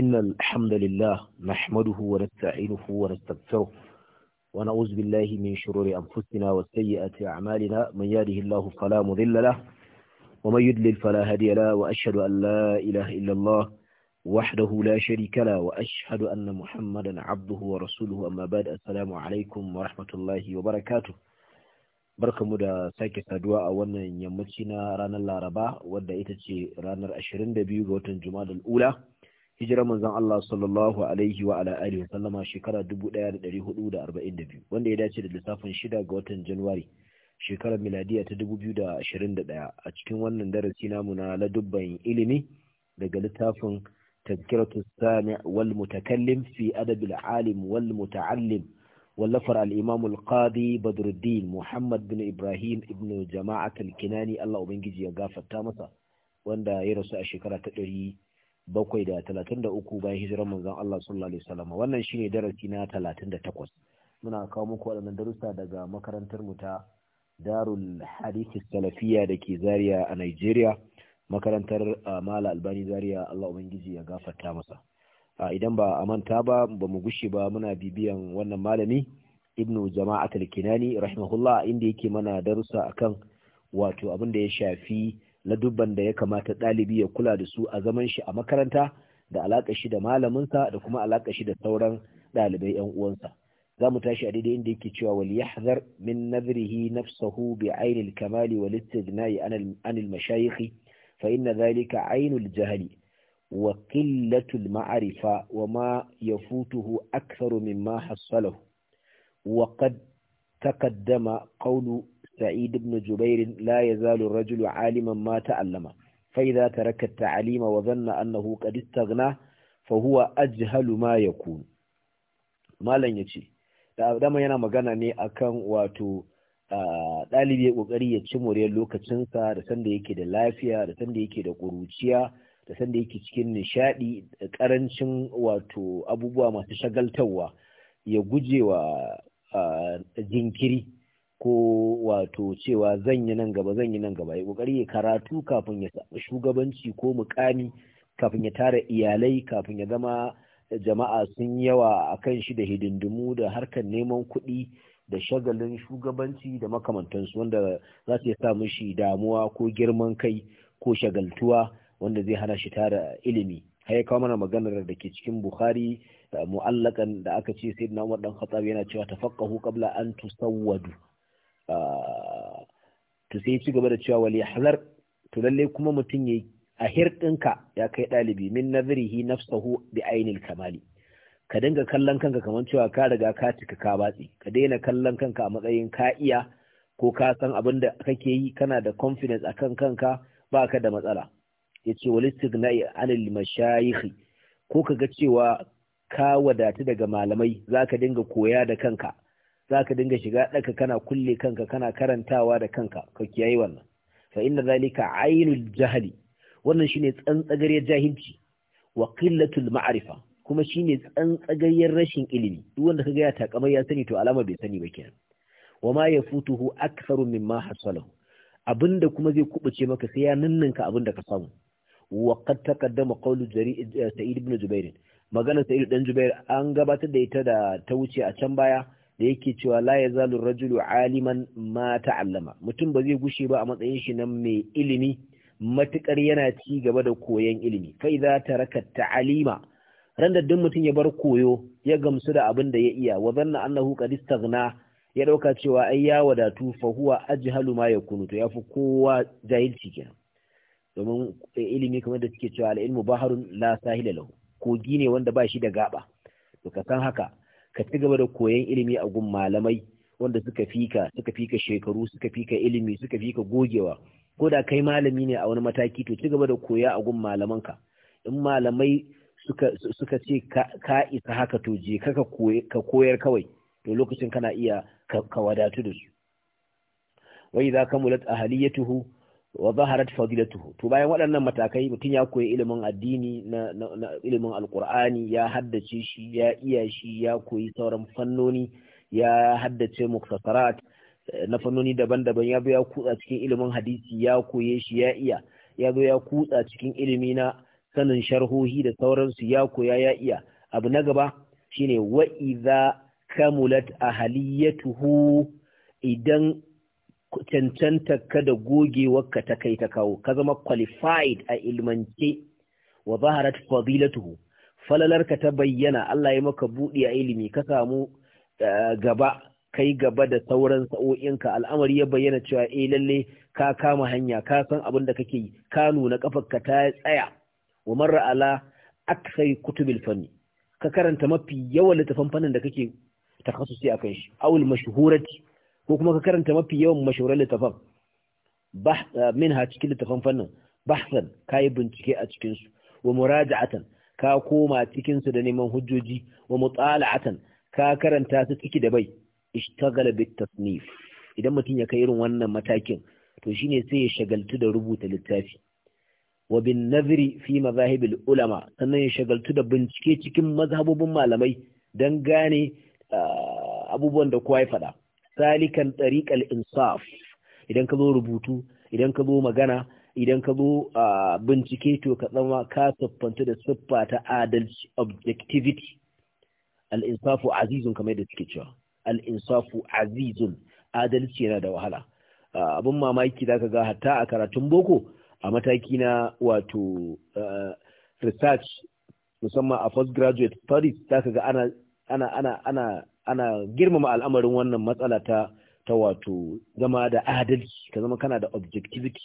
إن الحمد لله نحمده ونستعينه ونستغفره ونعوذ بالله من شرور أنفسنا وسيئات أعمالنا من يهده الله فلا مضل له ومن يضلل فلا هادي له وأشهد أن لا إله إلا الله وحده لا شريك له وأشهد أن محمدا عبده ورسوله أما بعد السلام عليكم ورحمة الله وبركاته barkamu da sake saduwa a wannan yammaci na ranar laraba wadda ita ce ranar 22 ga watan juma'a ula hijirar manzon Allah sallallahu alaihi wa ala alihi sallama shekara 1442 wanda ya dace da lissafin shida ga watan Januari, shekarar miladiya ta 2021 a cikin wannan darasi namu na ladubban ilimi daga littafin tazkiratu sami' wal mutakallim fi adabil alim wal muta'allim wallafar al-imam al-qadi Badruddin Muhammad bin Ibrahim ibn Jama'at al-Kinani Allah ubangiji ya gafarta masa wanda ya rasu a shekara ta ɗari! bakwai da talatin da uku bayan hijirar manzon Allah sallallahu alaihi wasallam wannan shine darasi na talatin da takwas muna kawo muku waɗannan darussa daga makarantar mu ta Darul Hadith Salafiyya da ke Zariya a Nigeria makarantar Mala Albani Zaria Allah ubangiji ya gafarta masa idan ba a manta ba ba mu gushe ba muna bibiyan wannan malami Ibnu jama'atul kinani rahimahullah inda yake mana darussa akan wato abin da ya shafi na dubban da ya kamata ɗalibi ya kula da su a zaman shi a makaranta da alaƙa shi da malaminsa da kuma alaƙa shi da sauran ɗalibai 'yan uwansa za mu tashi a daidai inda yake cewa wal yahzar min nazrihi nafsahu bi ainil kamali wal istidna'i anil mashayikh fa inna dhalika ainul jahli wa qillatul ma'rifa wa ma yafutuhu aktharu mimma hassalahu wa qad taqaddama qawlu سعيد بن جبير لا يزال الرجل عالما ما تعلم فإذا ترك التعليم وظن أنه قد استغنى فهو أجهل ما يكون ما لن يجي dama yana magana ne akan wato ɗalibi ya ƙoƙari ya ci moriyar lokacinsa da sanda yake da lafiya da sanda yake da ƙuruciya da sanda yake cikin nishaɗi da ƙarancin wato abubuwa masu shagaltarwa ya guje wa jinkiri ko wato cewa zan yi nan gaba zan yi nan gaba ya kokari ya karatu kafin ya samu shugabanci ko mukami kafin ya tara iyalai kafin ya zama jama'a sun yawa a kan shi da hidindimu da harkar neman kuɗi da shagalin shugabanci da makamantansu wanda za su sa mishi damuwa ko girman kai ko shagaltuwa wanda zai hana shi tara ilimi haya kawo mana maganar da ke cikin bukhari mu'allakan da aka ce sai na umar dan yana cewa ta qabla an tusawwadu to sai ci gaba da cewa wal yahzar to lalle kuma mutum yayi a hirɗinka ya kai ɗalibi min nazirihi nafsahu bi ainil kamali ka dinga kallon kanka kamar cewa ka riga ka cika ka batsi ka daina kallon kanka a matsayin ka iya ko ka san abin da kake yi kana da confidence akan kanka ba ka da matsala yace wal istighna'i anil mashayikh ko ka ga cewa ka wadatu daga malamai zaka dinga koya da kanka za ka dinga shiga ɗaka kana kulle kanka kana karantawa da kanka ka kiyaye wannan fa inna zalika ainul jahali wannan shine tsantsagariyar jahilci wa qillatul ma'rifa kuma shine tsantsagariyar rashin ilimi duk wanda kaga ya takamai ya sani to alama bai sani ba kenan wa ma yafutuhu aktharu mimma hasalahu abinda kuma zai kubuce maka sai ya ninninka abinda ka samu wa qad taqaddama qawlu sa'id ibn jubair magana sa'id dan jubair an gabatar da ita da ta wuce a can baya da yake cewa la ya zalu rajulu aliman ma ta'allama mutum ba zai gushe ba a matsayin shi nan mai ilimi matukar yana ci gaba da koyon ilimi fa idza taraka ta'alima ran da duk mutum ya bar koyo ya gamsu da abin da ya iya wa zanna annahu qad istaghna ya dauka cewa ai ya wadatu fa huwa ajhalu ma yakunu to yafi kowa jahilci kenan domin ilimi kamar da suke cewa al-ilmu baharun la sahila lahu kogi ne wanda ba shi da gaba to ka san haka ka ci gaba da koyon ilimi a gun malamai wanda suka fika suka fika shekaru suka fika ilimi suka fika gogewa ko da kai malami ne a wani mataki to ci gaba da koya a gun ka in malamai suka suka ce ka isa haka to je ka ka koyar kawai to lokacin kana iya ka wadatu da su Wai wa idza kamulat ahliyatuhu wa zaharat fadilatuhu to bayan waɗannan matakai mutum ya koyi ilimin addini na, ilimin alkur'ani ya haddace shi ya iya shi ya koyi sauran fannoni ya haddace muktasarat eh, na fannoni daban-daban ya zo ya kutsa cikin ilimin hadisi ya koye shi ya iya ya zo ya kutsa cikin ilimi na sanin sharhohi da sauransu ya koya ya iya abu na gaba shine wa idza kamulat tuhu idan cancanta ka da gogewarka ta kai ta kawo ka zama qualified a ilmance wa zaharat fadilatuhu falalarka ta bayyana Allah ya maka buɗi a ilimi ka samu eh, gaba kai gaba da sauran sa'o'inka al'amari ya bayyana cewa eh lalle ka kama hanya ka san abin da kake yi ka nuna kafarka ta tsaya wa marra ala aksai kutubil fanni ka karanta mafi yawan littafan fannin da kake takhasusi akan shi awul mashhurati ko kuma ka karanta mafi yawan mashauran littafan ha cikin littafan fannin bahsan ka yi bincike a cikinsu wa muraja'atan ka koma cikinsu da neman hujjoji wa mutsala'atan ka karanta su ciki da bai ishtagala bit tasnif idan mutum ya kai irin wannan matakin to shine sai ya shagaltu da rubuta littafi wa bin nazri fi mazahibil ulama sannan ya shagaltu da bincike cikin mazhabobin malamai don gane ah, abubuwan da kowa ya faɗa salikan ɗariƙar insaf idan ka zo rubutu idan ka zo magana idan ka zo bincike to ka zama ka siffanta da siffa ta adalci objectivity al-insafu azizun kamar yadda suke cewa al azizun adalci yana da wahala abin mamaki za ka ga hatta a karatun boko a mataki na wato research musamman a postgraduate studies za ka ga ana ana girmama al'amarin wannan matsala ta ta wato zama da adalci ka zama kana da objectivity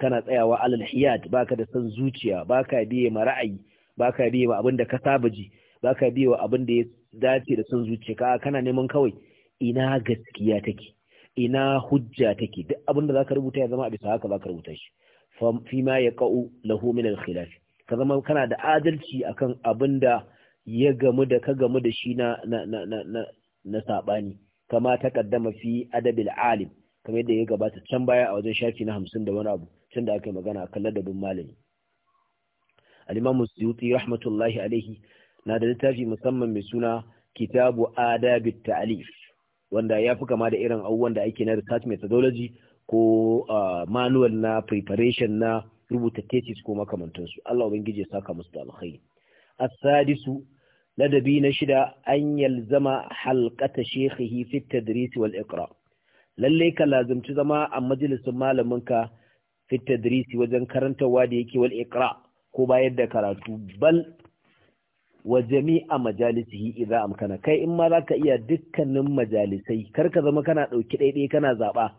kana tsayawa alal hiyad baka da san zuciya baka biye ma ra'ayi baka biye ma abin da ka saba ji baka biye wa abin da ya dace da san zuciya ka kana neman kawai ina gaskiya take ina hujja take duk abin da zaka rubuta ya zama a bisa haka zaka rubuta shi fi ma yaqau lahu min al khilaf ka zama kana da adalci akan abin da ya gamu da ka gamu da shi na na saɓani kama ta kaddama fi adabil alim kamar yadda ya gabata can baya a wajen shafi na hamsin da wani abu tun da aka yi magana a kan ladabin malami al suyuti rahmatullahi alaihi na da littafi musamman mai suna kitabu adabit ta'alif wanda ya fi kama da irin abubuwan da ake na research methodology ko manual na preparation na rubuta thesis ko makamantansu Allah ubangiji ya saka musu da alkhairi السادس ladabi na shida an yalzama halkata shaykhihi fi at-tadris wal iqra lalle ka lazimci zama a majalisin malaminka fi at wajen karantawa da yake wal iqra ko bayar da karatu bal wa jami'a majalisihi idza amkana kai in ma zaka iya dukkanin majalisai kar ka zama kana dauki daidai kana zaba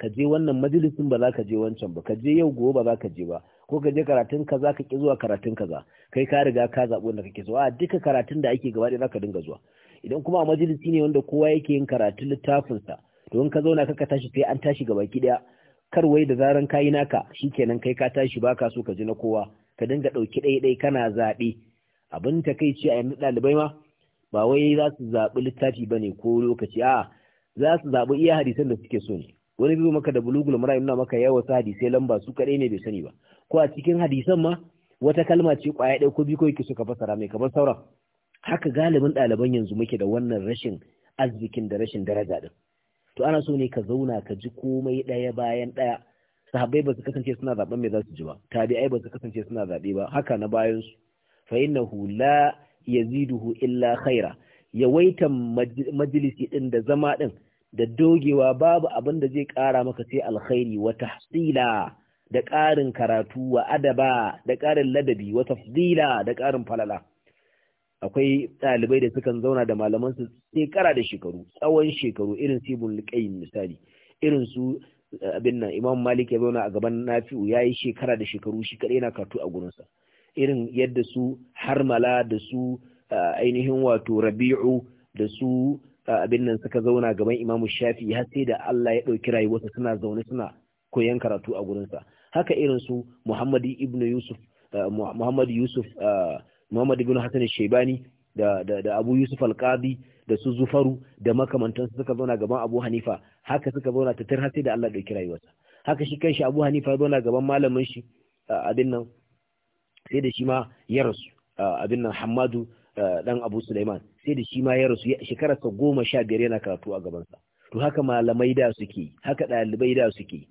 ka je wannan majalisin ba za ka je wancan ba ka je yau gobe ba za ka je ba ko ka je karatun kaza ka ki zuwa karatun kaza kai ka riga ka zaɓi wanda kake so a duka karatun da ake gaba ɗaya za ka dinga zuwa idan kuma a majalisi ne wanda kowa yake yin karatun littafinsa to in ka zauna ka ka tashi sai an tashi gaba ki ɗaya kar wai da zaran kayi naka shikenan kai ka tashi ba ka so ka ji na kowa ka dinga ɗauki ɗai-ɗai dai kana zaɓi. abin ta kai ce a yanzu ɗalibai ma ba wai za su zaɓi littafi ba ne ko lokaci a za su zabi iya hadisan da suke so ne wani biyu maka da bulugul mara nuna maka yawa su hadisai lamba su kaɗai ne bai sani ba ko a cikin hadisan ma wata kalma ce kwaya ɗaya ko biyu ko yake suka fasara mai kamar sauran haka galibin ɗaliban yanzu muke da wannan rashin arzikin da rashin daraja din to ana so ne ka zauna ka ji komai ɗaya bayan ɗaya sahabbai ba su kasance suna zaɓen mai za su ji ba tabi'ai ba su kasance suna zaɓe ba haka na bayan su fa innahu la yaziduhu illa khaira yawaitan majalisi din da zama ɗin. da dogewa babu abin da zai ƙara maka sai alkhairi wa tahsila da ƙarin karatu wa adaba da ƙarin ladabi wa tafdila da ƙarin falala akwai ɗalibai da sukan zauna da malaman su shekara da shekaru tsawon shekaru irin sibun liqayn misali irin su eh, abin nan imam malik ya zauna a gaban nafi'u yayi shekara da shekaru shi kadai yana karatu a gurinsa irin yadda su harmala da su eh, ainihin wato rabi'u da su abin nan suka zauna gaban imamu shafi har sai da Allah ya ɗauki rayuwarsa suna zaune suna koyan karatu a gurinsa haka irin su Muhammad ibn Yusuf Muhammad Yusuf Muhammad ibn Hassan Shaibani da da Abu Yusuf al da su Zufaru da makamantan suka zauna gaban Abu Hanifa haka suka zauna tatar har sai da Allah ya ɗauki rayuwarsa haka shi kanshi Abu Hanifa ya zauna gaban malamin shi abin nan sai da shi ma ya rasu abin nan Hammadu Eh, dan Abu Sulaiman sai da shi ma ya rasu shekararsa goma sha biyar yana karatu a gabansa to haka malamai da suke haka ɗalibai da suke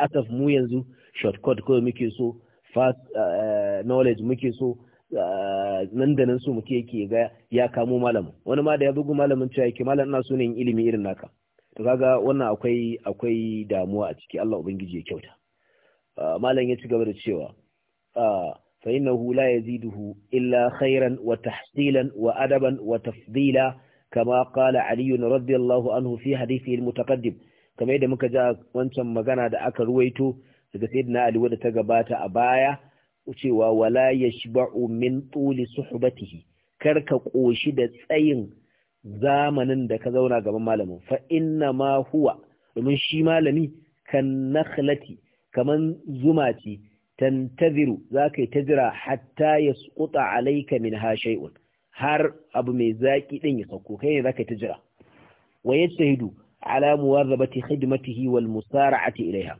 asaf mu yanzu shortcut ko muke so fast eh, knowledge muke so eh, nan da nan so muke yake ga ya kamo malamin wani ma da ya bugu malamin cewa yake malam ina so ne yin ilimi irin naka to kaga wannan akwai akwai damuwa a ciki Allah ubangiji ya kyauta malam ya ci gaba da cewa فإنه لا يزيده إلا خيرا وتحصيلا وأدبا وتفضيلا كما قال علي رضي الله عنه في حديثه المتقدم كما يدى مكجا وانشان مغانا دا أكا رويتو سيدنا علي ودى تقبات أبايا وشيوا ولا يشبع من طول صحبته كركا قوشدة سين zamanin da ka zauna gaban malamin fa inna ma huwa domin shi malami kan nakhlati kaman zuma ce tantaziru za ka yi ta jira hatta ya sukuta alaika min ha shay'un har abu mai zaƙi ɗin ya sauko kai ne za ka yi ta jira wa yastahidu ala muwarrabati khidmatihi wal musara'ati ilaiha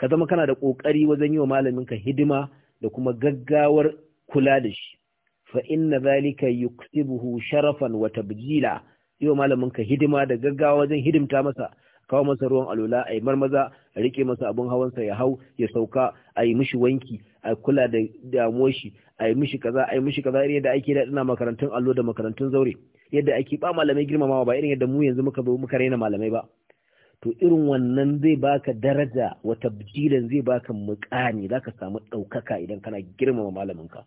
ka zama kana da kokari wajen yi wa malamin ka hidima da kuma gaggawar kula da shi fa inna zalika yuksibuhu sharafan wa tabjila yi wa malamin ka hidima da gaggawa wajen hidimta masa kawo masa ruwan alula yi marmaza a rike masa abin hawan sa ya hau ya sauka a yi mishi wanki a kula da damuwar shi a yi mishi kaza a yi mishi kaza irin yadda ake ina makarantun allo da makarantun zaure yadda ake ba malamai girmamawa ba irin yadda mu yanzu muka zo muka raina malamai ba to irin wannan zai baka daraja wa tabjilan zai baka muƙani zaka samu ɗaukaka idan kana girmama malaminka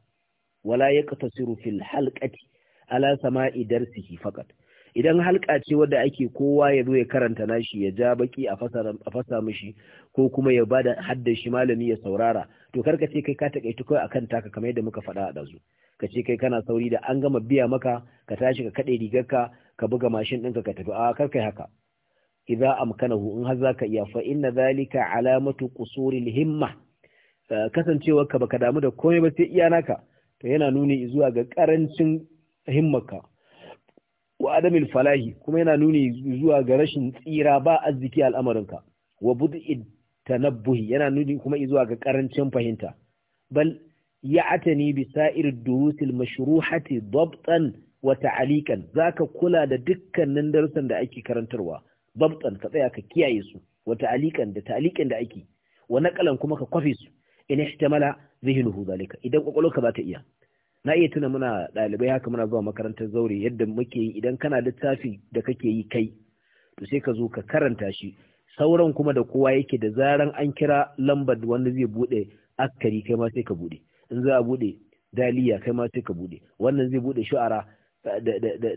wala yaqtasiru fil halqati ala sama'i darsihi faqat idan halka ce wadda ake kowa ya zo ya karanta nashi ya ja baki a fasa mishi ko kuma ya bada hadda shi malami ya saurara to karka ce kai ka takaitu kai akan taka kamar yadda muka faɗa a ɗazu ka ce kai kana sauri da an gama biya maka ka tashi ka kaɗe rigarka ka buga mashin ɗinka ka tafi a karka haka idza amkanahu in har zaka iya fa inna zalika alamatu qusuril himma eh, ka baka damu da komai ba sai iya naka to yana nuni zuwa ga karancin himmarka wa adamil falahi kuma yana nuni zuwa ga rashin tsira ba arziki al'amarinka wa bud'id tanabbuhi yana nuni kuma zuwa ga karancin fahimta bal atani bi sa'ir durusil mashruhati dabtan wa ta'alikan zaka kula da dukkanin darussan da ake karantarwa dabtan ka tsaya ka kiyaye su wa ta'alikan da ta'alikan da ake wa naƙalan kuma ka kwafe su in zai zihnuhu zalika idan kwakwalwarka za ta iya na iya tuna muna ɗalibai haka muna zuwa makarantar zaure yadda muke yi idan kana littafi da kake yi kai to sai ka zo ka karanta shi sauran kuma da kowa yake da zaran an kira lambar wanda zai buɗe askari kai ma sai ka buɗe in za a buɗe daliya kai ma sai ka buɗe wannan zai buɗe shu'ara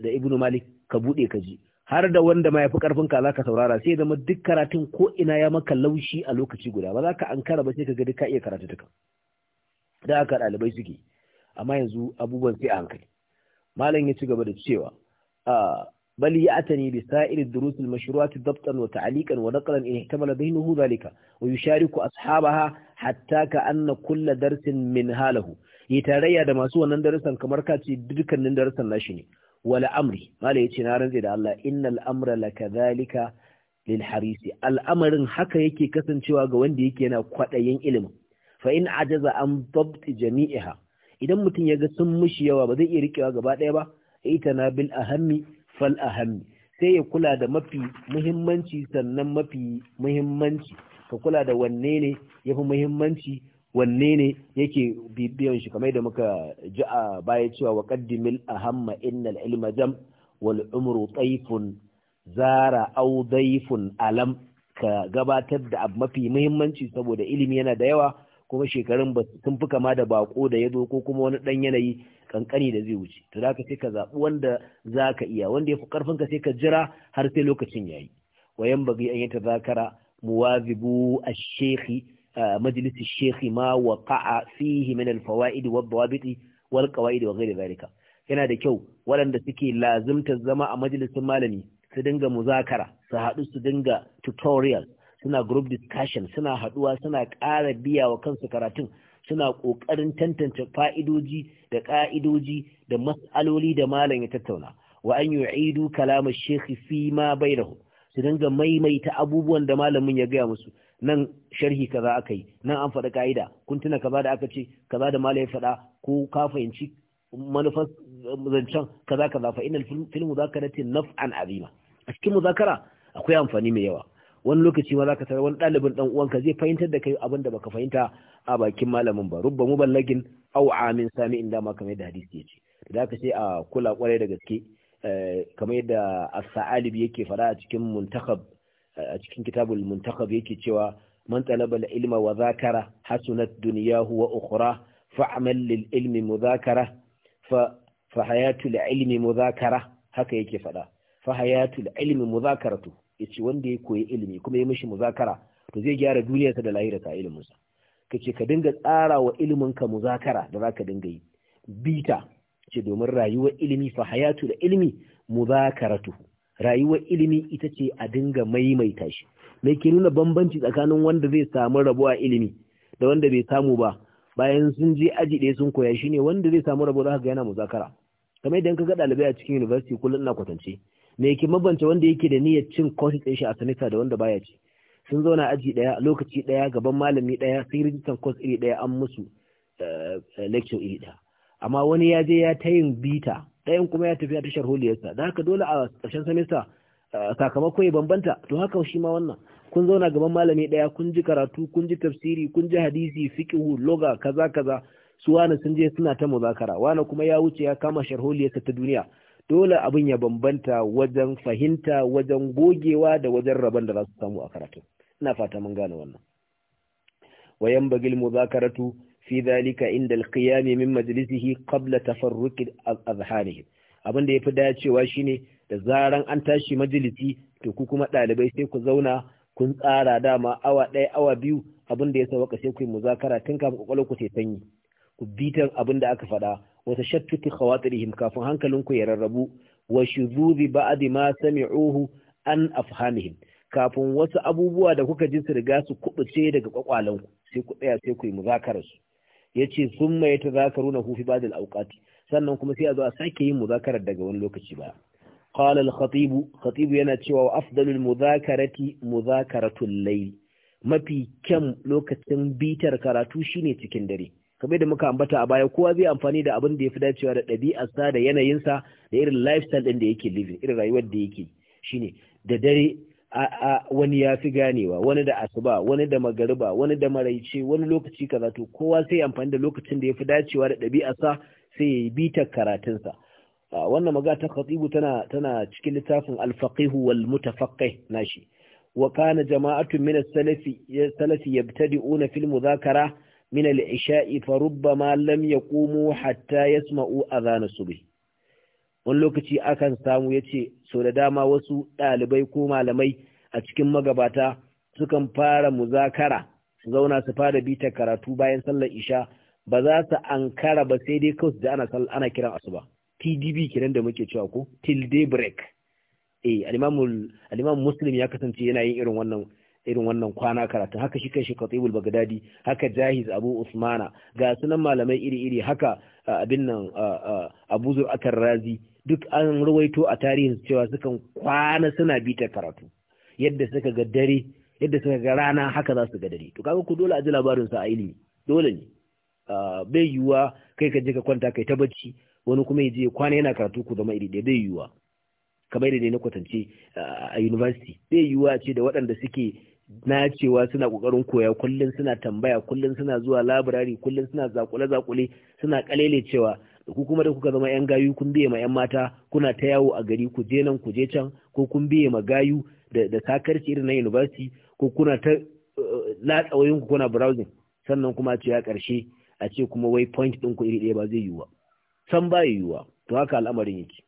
da ibnu malik ka buɗe ka ji har da wanda ma ya fi karfin ka zaka saurara sai zama duk karatun ko ina ya maka laushi a lokaci guda ba za ka ankara ba sai ka ga duk ka iya karatu duka da haka ɗalibai suke amma yanzu abubuwan sai a hankali malam ya ci gaba da cewa bal ya'tani bi sa'ir ad-durus al-mashru'at dabtan wa ta'liqan wa naqlan in ihtamala bainahu dhalika wa yushariku ashabaha hatta ka anna kull darsin min halahu yitarayya da masu wannan darasan kamar ka ce dukkanin darasan nashi ne wala amri malam yace na ranze da Allah innal amra lakadhalika lil harisi al'amarin haka yake kasancewa ga wanda yake yana kwaɗayin ilimin fa in ajaza an dabt jami'iha idan mutum ya ga sun mushi yawa ba zai iya rikewa gaba ɗaya ba ita na bil ahammi fal ahammi sai ya kula da mafi muhimmanci sannan mafi muhimmanci ka kula da wanne ne ya fi muhimmanci wanne ne yake bibiyan shi kamar da muka ji a baya cewa wa qaddimil ahamma innal ilma jam wal umru tayfun zara aw dayfun alam ka gabatar da abu mafi muhimmanci saboda ilimi yana da yawa kuma shekarun ba sun fi kama da bako da ya zo ko kuma wani dan yanayi kankani da zai wuce to zaka sai ka zaɓi wanda za ka iya wanda ya fi karfin ka sai ka jira har sai lokacin yayi wayan bagi an ta zakara muwazibu ash-shaykh majlis ash-shaykh ma waqa'a fihi min al-fawaid wa dawabit wal qawaid wa yana da kyau waɗanda suke lazimta zama a majalisin malami su dinga muzakara su haɗu su dinga tutorial suna group discussion suna haduwa suna ƙara biya wa kansu karatun suna ƙoƙarin tantance fa'idoji da ƙa'idoji da mas'aloli da malam ya tattauna wa an yu'idu kalamar shekhi fi ma bainahu su dinga maimaita abubuwan da malamin ya gaya musu nan sharhi kaza aka yi nan an fada ka'ida kun tuna kaza da aka ce kaza da malam ya faɗa ko ka fahimci manufar zancen kaza kaza fa innal fil mudhakarati naf'an azima a cikin muzakara akwai amfani mai yawa wani lokaci ma zaka tarar wani ɗalibin ɗan uwanka zai fahimtar da kai abin da baka fahimta a bakin malamin ba rubba ballagin au amin sami inda dama kamar yadda hadisi yace da aka sai a kula kwarai da gaske eh, kamar yadda as-sa'alibi yake fara a cikin muntakab a cikin kitabul muntakab yake cewa man talaba al-ilma wa zakara hasunat dunyahu wa ukhra fa'mal lil ilmi mudhakara fa fa hayatul ilmi mudhakara haka yake fada fa hayatul ilmi mudhakaratu ce wanda ya koyi ilimi kuma ya mishi muzakara to zai gyara duniyarsa da lahirarsa a iliminsa ce ka dinga tsara wa iliminka muzakara da za ka dinga yi bita ce domin rayuwar ilimi fa hayatu da ilimi muzakaratu rayuwar ilimi ita ce a dinga maimaita shi mai ke nuna bambanci tsakanin wanda zai samu rabo a ilimi da wanda bai samu ba bayan sun je aji ɗaya sun koya Shi ne wanda zai samu rabo za ka ga yana muzakara kamar idan ka ga ɗalibai a cikin university kullum ina kwatance ne yake mabanta wanda yake da niyyar cin kwashi ɗin shi a sanita da wanda baya ci sun zauna aji ɗaya lokaci ɗaya gaban malami ɗaya sun rijistan kwas iri ɗaya an musu eh, lecture iri ɗaya amma wani ya je ya ta yin bita ɗayan kuma ya tafi a tashar holiyarsa da haka dole a ƙarshen sanita eh, sakamako ya bambanta to haka shi ma wannan kun zauna gaban malami ɗaya kun ji karatu kun ji tafsiri kun ji hadisi fiqhu loga kaza kaza su wani sun je suna ta muzakara wani kuma ya wuce ya kama sharholiyarsa ta duniya dole abin ya bambanta wajen fahimta wajen gogewa da wajen rabon da za su samu a karatu ina fata mun gane wannan wayan bagil muzakaratu fi dhalika inda alqiyam min majlisihi qabla tafarruq azhanihim abin da yafi dacewa shine da zaran an tashi majalisi to ku kuma dalibai sai ku zauna kun tsara dama awa ɗaya awa biyu abin da ya sauka sai ku yi muzakara tun kafin kwakwalwar ku sai sanyi ku bitan abin da aka faɗa wa tashattuti khawatirihim kafin hankalinku ya rarrabu wa shuzubi ba'd ma sami'uhu an afhamihim kafin wasu abubuwa da kuka ji su riga su kubuce daga kwakwalanku sai ku tsaya sai ku yi muzakarar su yace summa yatazakaruna hu fi ba'd al-awqat sannan kuma sai a zo a sake yin muzakarar daga wani lokaci ba قال الخطيب خطيب yana cewa wa afdalul muzakarati muzakaratul layl mafi kyan lokacin bitar karatu shine cikin dare kamar da muka ambata a baya kowa zai amfani da abin da ya fi dacewa da ɗabi'arsa da yanayinsa da irin lifestyle ɗin da yake living irin rayuwar da yake shine da dare a wani ya fi ganewa wani da asuba wani da magariba wani da maraice wani lokaci kaza to kowa sai amfani da lokacin da ya fi dacewa da ɗabi'arsa sai ya yi bitar karatunsa wannan maga ta khatibu tana tana cikin littafin al-faqih wal mutafaqqih nashi wa kana jama'atu min as-salafi salafi yabtadi'una fil mudhakara من العشاء ishai لم يقوموا حتى يسمعوا hatta yasma'u adhan wani lokaci akan samu ce sau da dama wasu ɗalibai ko malamai a cikin magabata sukan fara muzakara su zauna su fara bita karatu bayan sallar isha ba za su ankara ba sai dai kawai da ana ana kiran asuba TDB kiran da muke cewa ko till day break eh al-Imam Muslim ya kasance yana yin irin wannan irin wannan kwana karatu haka shi kai shi Qatibul Baghdadi haka Jahiz Abu Usmana ga sunan malamai iri-iri haka abin nan Abu Zur razi duk an ruwaito a tarihin cewa sukan kwana suna bita karatu yadda suka ga dare yadda suka ga rana haka za su ga dare to kaga ku dole a ji labarin sa a ilimi dole ne bai yiwuwa kai ka je ka kwanta kai ta bacci wani kuma ya je kwana yana karatu ku zama iri ɗaya bai yiwuwa kamar da na kwatance a university bai yiwuwa ce da waɗanda suke na cewa suna kokarin koya kullum suna tambaya kullum suna zuwa labirari kullum suna zakule zakule suna kalele cewa ku kuma da kuka zama yan gayu kun biye ma yan mata kuna ta yawo a gari ku je nan ku je can ko kun biye ma gayu da da sakarci irin na university ko kuna ta eh, latsa wayoyin ku kuna browsing sannan kuma ce ya karshe a ce kuma wai point din ku iri ɗaya ba zai yiwu ba san ba yiwuwa to haka al'amarin yake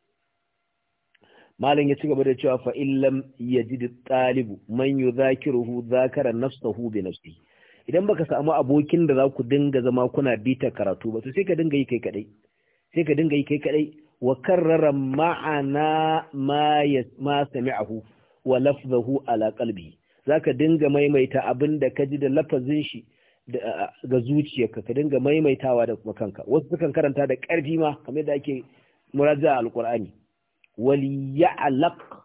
malam ya ci gaba da cewa fa illam yajid talibu man yuzakiruhu zakara nafsuhu bi nafsi idan baka samu abokin da za ku dinga zama kuna bita karatu ba sai ka dinga yi kai kadai sai ka dinga yi kai kadai wa karrara ma'ana ma ma sami'ahu wa lafzahu ala qalbi zaka dinga maimaita abinda da ka ji da lafazin shi ga zuciyarka ka dinga maimaitawa da kuma kanka wasu sukan karanta da ƙarfi ma kamar da ake a alqur'ani وليعلق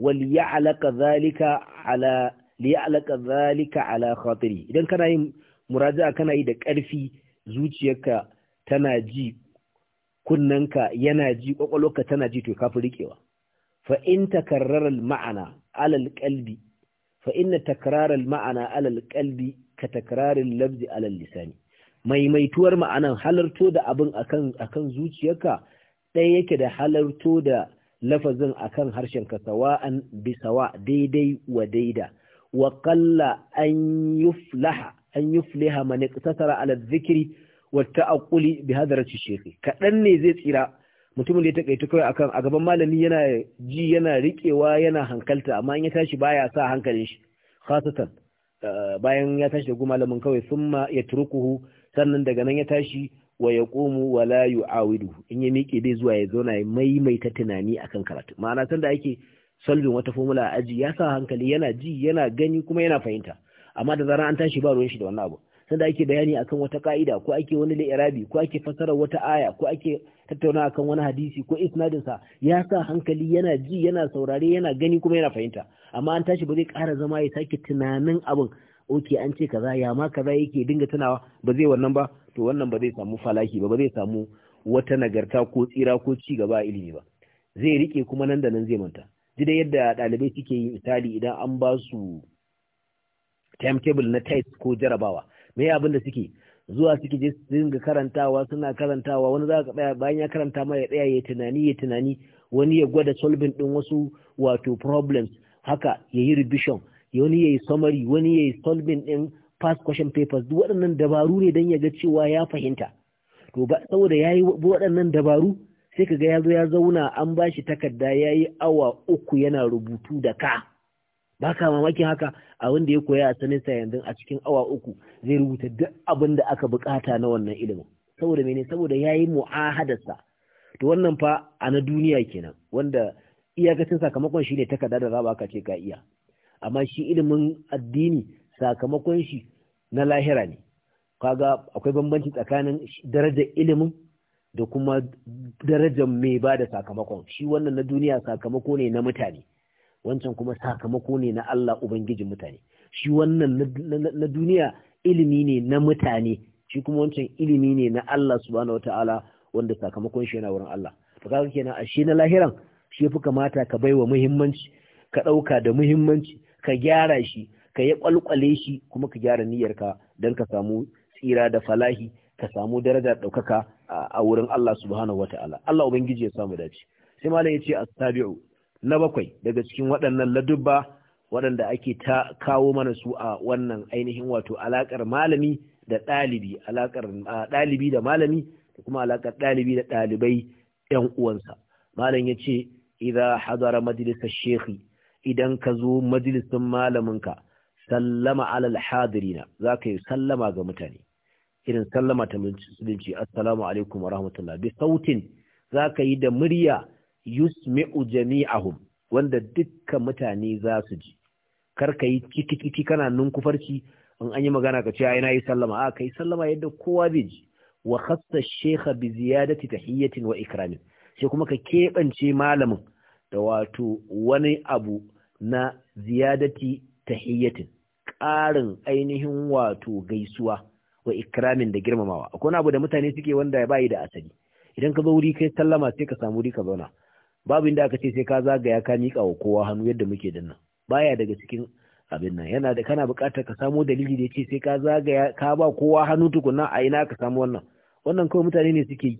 وليعلق ذلك على idan kana yin muraja'a kana yi da ƙarfi zuciyarka tana ji kunnanka yana ji kwakwalwarka tana ji to kafi rikewa fa in maana alal kalbi fa'in fa takrara maana ala ka takrarin lafzi alal lisani maimaituwar ma'anan halarto da abin akan akan zuciyarka ɗaya yake da halarto da lafazin akan harshen ka sawa'an bisawa daidai wa daida wa qalla an yuflaha an yufliha man iktasara ala dhikri wa ta'aqquli bi hadrati shaykh kadan ne zai tsira mutumin da ya takaitu kawai akan a gaban malami yana ji yana rikewa yana hankalta amma in ya tashi baya sa hankalin shi khasatan eh, bayan ya tashi da malamin kawai ya turukuhu sannan daga nan ya tashi wa ya komu wa la awidu in ya miƙe dai zuwa ya zauna ya maimaita tunani akan karatu ma'ana sanda ake solving wata fomula a aji ya sa hankali yana ji yana gani kuma yana fahimta amma da zarar an tashi ba ruwan shi da wannan abu sanda ake bayani akan wata ka'ida ko ake wani li'irabi ko ake fasara wata aya ko ake tattauna akan wani hadisi ko isnadin sa ya sa hankali yana ji yana saurare yana gani kuma yana fahimta amma an tashi ba zai ƙara zama ya sake tunanin abin Ok an ce kaza ya ma kaza yake dinga tunawa ba zai wannan ba to wannan ba zai samu falaki ba ba zai samu wata nagarta ko tsira ko ci gaba a ilimi ba zai rike kuma nan da nan zai manta ji da yadda ɗalibai suke yi misali idan an ba su timetable na test ko jarabawa me abin da suke zuwa suke je su dinga karantawa suna karantawa wani za ka bayan ya karanta ma ya tsaya ya tunani ya tunani wani ya gwada solving din wasu wato problems haka ya yi revision wani ya yi summary wani ya yi solving ɗin past question papers duk waɗannan dabaru ne don ya ga cewa ya fahimta to ba saboda ya yi waɗannan dabaru sai ka ga ya zo ya zauna an ba shi takarda ya yi awa uku yana rubutu da ka ba ka mamakin haka a wanda ya koya a sanista yanzu a cikin awa uku zai rubuta duk abin da aka bukata na wannan ilimin saboda mene saboda ya yi mu'ahadarsa to wannan fa a na duniya kenan wanda iyakacin sakamakon shi ne takarda da za ba ka ce ka iya amma shi ilimin addini sakamakon shi na lahira ne kaga akwai bambanci tsakanin darajar ilimin da kuma darajar mai ba da sakamakon shi wannan na duniya sakamako ne na mutane wancan kuma sakamako ne na Allah ubangijin mutane shi wannan na duniya ilimi ne na mutane shi kuma wancan ilimi ne na Allah subhanahu wataala wanda sakamakon shi yana wurin Allah to kaga kenan shi na lahiran shi fi kamata ka baiwa muhimmanci ka ɗauka da muhimmanci ka gyara shi ka yi kwalkwale shi kuma ka gyara niyyarka don ka samu tsira da falahi ka samu daraja ɗaukaka a wurin Allah subhanahu wa ta'ala Allah ubangiji ya samu dace sai malam ce a sabiu na bakwai daga cikin waɗannan ladubba waɗanda ake ta kawo mana su a wannan ainihin wato alakar malami da ɗalibi alakar ɗalibi da malami da kuma alakar ɗalibi da ɗalibai 'yan uwansa malam yace idza hadara majlis ash-shaykh idan ka zo majalisin malaminka sallama alal hadirina za ka yi sallama ga mutane irin sallama ta musulunci assalamu alaikum wa rahmatullah bi sautin za ka yi da murya yusmi'u jami'ahum wanda dukkan mutane za su ji kar ka yi kana kana ninkufarci in an yi magana ka ce ai na yi sallama a kai sallama yadda kowa bai ji wa khassa shekha bi ziyadati tahiyyatin wa ikramin sai kuma ka keɓance malamin da wato wani abu na ziyadati tahiyyatin ƙarin ainihin wato gaisuwa wa ikramin da girmamawa akwai abu da mutane suke wanda ya bayi da asali idan ka zo wuri kai sallama sai ka samu wuri ka zauna babu inda aka ce sai ka zagaya ka miƙa wa kowa hannu yadda muke dinnan baya daga cikin abin nan yana da kana buƙatar ka samu dalili da ya ce sai ka zagaya ka ba kowa hannu tukunna a ina ka samu wannan wannan kawai mutane ne suke yi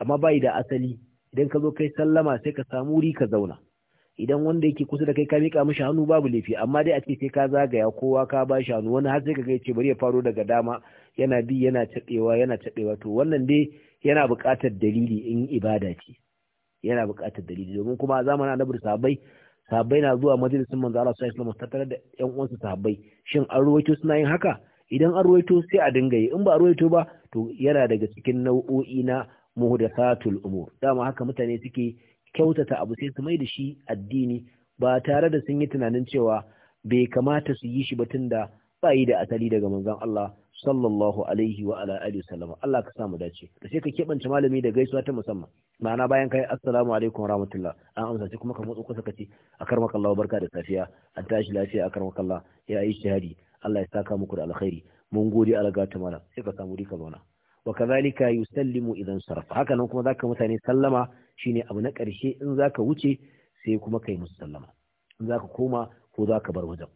amma bayi da asali idan ka zo kai sallama sai ka samu wuri ka zauna idan wanda yake kusa da kai ka mika mishi hannu babu laifi amma dai a ce sai ka zagaya kowa ka ba shi hannu wani har sai ka ga ce bari ya faro daga dama yana bi yana taɓewa yana taɓewa to wannan dai yana buƙatar dalili in ibada ce yana buƙatar dalili domin kuma a zamanin annabi sahabbai sahabbai na zuwa majalisin manzo Allah sai alaihi wasallam da ƴan uwansu sahabbai shin an ruwaito suna yin haka idan an ruwaito sai a dinga yi in ba a ruwaito ba to yana daga cikin nau'o'i na muhdathatul umur dama haka mutane suke kyautata abu sai su mai da shi addini ba tare da sun yi tunanin cewa bai kamata su yi shi ba da ba yi da asali daga manzon Allah sallallahu alaihi wa ala alihi sallama Allah ka samu dace da sai ka kebance malami da gaisuwa ta musamman ma'ana bayan kai assalamu alaikum rahmatullah an amsa ce, kuma ka motsa kusa kace akarmaka Allah barka da safiya an tashi lafiya akarmaka Allah ya yi shahadi Allah ya saka muku da alkhairi mun gode alga ta mana sai ka samu rika zauna wa yusallimu idan sarfa haka nan kuma zaka mutane sallama shine abu na ƙarshe in zaka wuce sai kuma kai musu sallama in zaka koma ko zaka bar wajen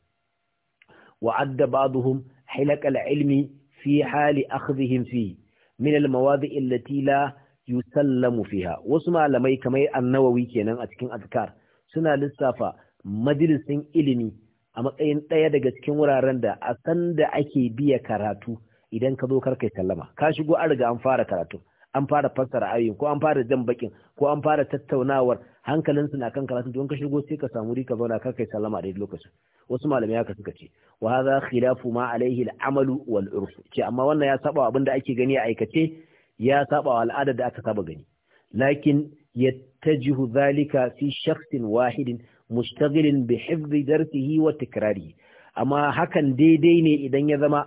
wa adda ba'dhum hilaqal ilmi fi hali akhdhihim fi min al mawadi' allati la yusallamu fiha wasu malamai kamar annawawi kenan a cikin azkar suna lissafa majalisin ilimi a matsayin ɗaya daga cikin wuraren da a san da ake biya karatu idan ka zo karkai sallama ka shigo an riga an fara karatu an fara fassara ayoyin ko an fara jan bakin ko an fara tattaunawar hankalin su na kan karatu don ka shigo sai ka samu rika zauna karkai sallama da lokacin wasu malamai haka suka ce wa hadha khilafu ma alaihi al-amalu wal urf ce amma wannan ya saba abin da ake gani a aikace ya saba wa al'ada da aka saba gani lakin yattajihu zalika fi shakhsin wahidin mushtaghilin bi hifdhi darsihi wa tikrarihi amma hakan daidai ne idan ya zama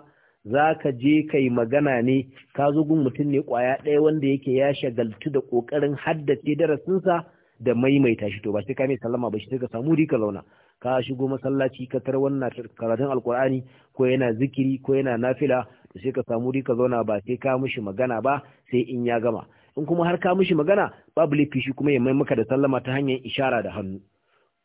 za ka je ka magana ne ka zo mutum ne kwaya ɗaya wanda yake ya shagaltu da ƙoƙarin haddace darasinsa da maimaita shi to ba sai ka mai sallama ba shi ka samu rika launa ka shigo masallaci ka tar wannan karatun alkur'ani ko yana zikiri ko yana nafila to sai ka samu rika zauna ba sai ka mishi magana ba sai in ya gama in kuma har ka mishi magana babu laifi shi kuma ya maimaka da sallama ta hanyar ishara da hannu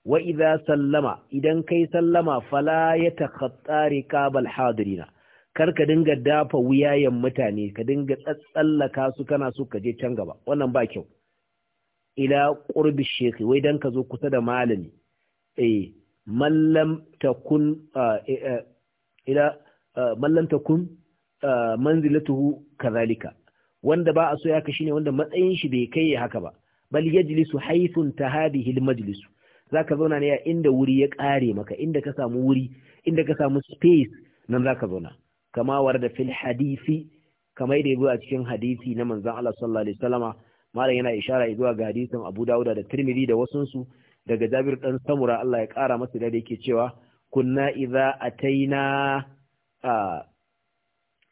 wa idza sallama idan kai sallama fala ya yatakhatta kabal hadirina kar ka dinga dafa wuyayen mutane ka dinga tsallaka su kana so ka je can gaba wannan ba kyau ila qurbi shekhi wai dan ka zo kusa da malami eh mallam takun ah, eh, eh, ila ah, mallam takun ah, manzilatuhu kazalika wanda ba a so ya kashi ne wanda matsayin shi bai kai ya haka ba bal yajlisu haythun tahadihi almajlis zaka zauna ne a inda wuri ya kare maka inda ka samu wuri inda ka samu space nan zaka zauna kama warda fil hadisi kamar da yazo a cikin hadisi na manzo Allah sallallahu alaihi wasallama malam yana ishara zuwa ga hadisin Abu Dawud da Tirmidhi da wasunsu daga Jabir dan Samura Allah ya kara masa da yake cewa kunna idza ataina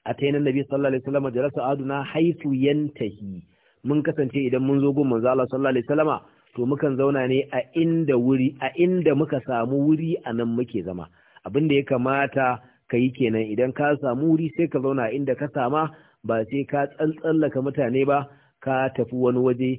ataina nabi sallallahu alaihi wasallama jalasa aduna haythu yantahi mun kasance idan mun zo gun manzo Allah sallallahu alaihi wasallama to mukan zauna ne a inda wuri a inda muka samu wuri anan muke zama abin da ya kamata ka yi kenan idan ka samu wuri sai ka zauna inda ka sama ba sai ka tsantsallaka mutane ba ka tafi wani waje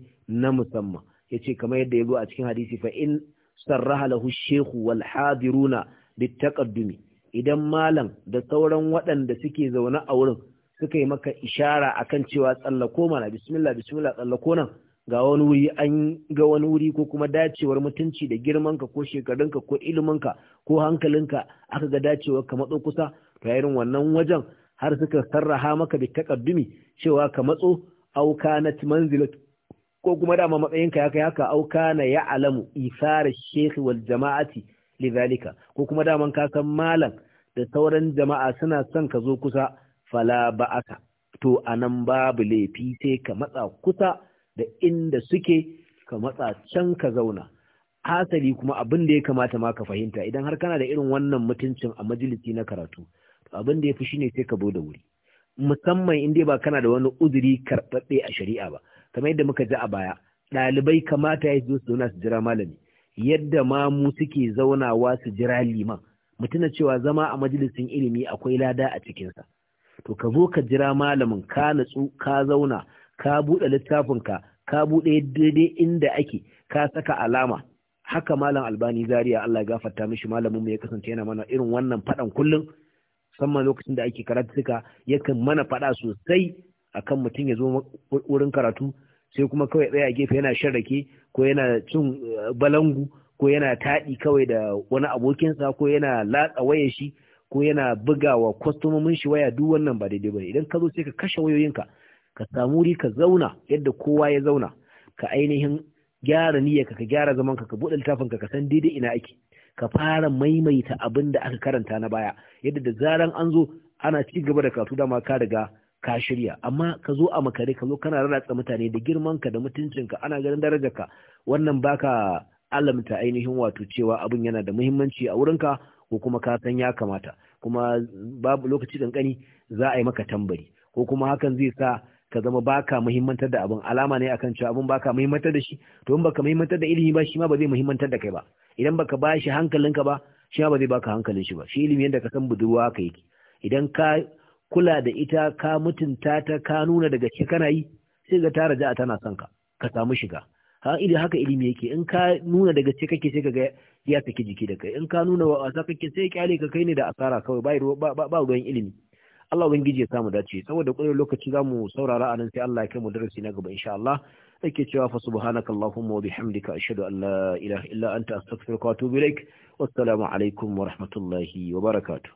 na musamman ya ce kamar yadda ya zo a cikin hadisi fa in sarraha lahu shehu wal hadiruna littaqaddumi idan malam da sauran waɗanda suke zaune a wurin suka yi maka ishara akan cewa tsallako mana bismillah bismillah tsallako nan ga wani wuri an ga wani wuri ko kuma dacewar mutunci da girmanka ko shekarunka ko iliminka ko hankalinka aka ga dacewar ka matso kusa to irin wannan wajen har suka sarraha maka bi takaddumi cewa ka matso auka na manzilat ko kuma dama matsayinka ya kai haka auka na ya alamu isar shekhi wal jama'ati lidhalika ko kuma daman ka san malam da sauran jama'a suna son ka zo kusa fala ba'aka to anan babu laifi sai ka matsa kusa da inda suke ka matsa can ka zauna hasali kuma abin da ya kamata ma ka fahimta idan har kana da irin wannan mutuncin a majalisi na karatu abin da ya fi shine sai ka bude da wuri musamman in dai ba kana da wani uzuri karɓaɓɓe a shari'a ba kamar yadda muka ji a baya ɗalibai kamata ya zo su zauna su jira malami yadda ma mu suke zaunawa su jira liman mutuna cewa zama a majalisin ilimi akwai lada a cikinsa to ka zo ka jira malamin ka natsu ka zauna ka buɗe littafin ka ka buɗe daidai inda ake ka saka alama haka malam albani Zariya Allah ya gafarta mishi malamin mu ya kasance yana mana irin wannan faɗan kullum musamman lokacin da ake karatuka yakan mana faɗa sosai akan mutum ya zo wurin karatu sai kuma kawai tsaya gefe yana sharrake ko yana cin eh, balangu ko yana taɗi kawai da wani abokinsa ko yana latsa wayar shi ko yana bugawa kwastomomin shi waya duk wannan ba daidai bane idan ka zo sai ka kashe wayoyinka ka samu wuri ka zauna yadda kowa ya zauna ka ainihin gyara niyyarka ka gyara zaman ka buɗe littafin ka ka san daidai ina ake ka fara maimaita abin da aka karanta na baya yadda da zaran an zo ana ci gaba da karatu dama ka riga ka shirya amma ka zo a makare ka zo kana raratsa mutane da girman ka da mutuncin ka ana ganin darajar ka wannan baka alamta ainihin wato cewa abin yana da muhimmanci a wurinka ko kuma ka san ya kamata kuma babu lokaci kankani za a yi maka tambari ko kuma hakan zai sa ka zama baka muhimmantar da abin alama ne akan cewa abin baka muhimmantar da shi to in baka muhimmantar da ilimi ba shi ma ba zai muhimmantar da kai ba idan baka ba shi hankalinka ba shi ma ba zai baka hankalin shi ba shi ilimi yadda ka san budurwa ka yi idan ka kula da ita ka mutunta ta ka nuna daga shi kana yi sai ga ta raja tana son ka ka samu shiga ha ili haka ilimi yake in ka nuna daga ce kake sai ga ya saki jiki da kai in ka nuna wasa kake sai kyale ka kai ne da asara kawai ba ba ruwan ilimi Allah ubangiji ya samu dace saboda kwayo lokaci mu saurara a nan sai Allah ya kai mu darasi na gaba insha Allah ake cewa fa subhanaka allahumma wa bihamdika ashhadu an la ilaha illa anta astaghfiruka wa atubu ilaik wassalamu alaikum wa rahmatullahi wa barakatu.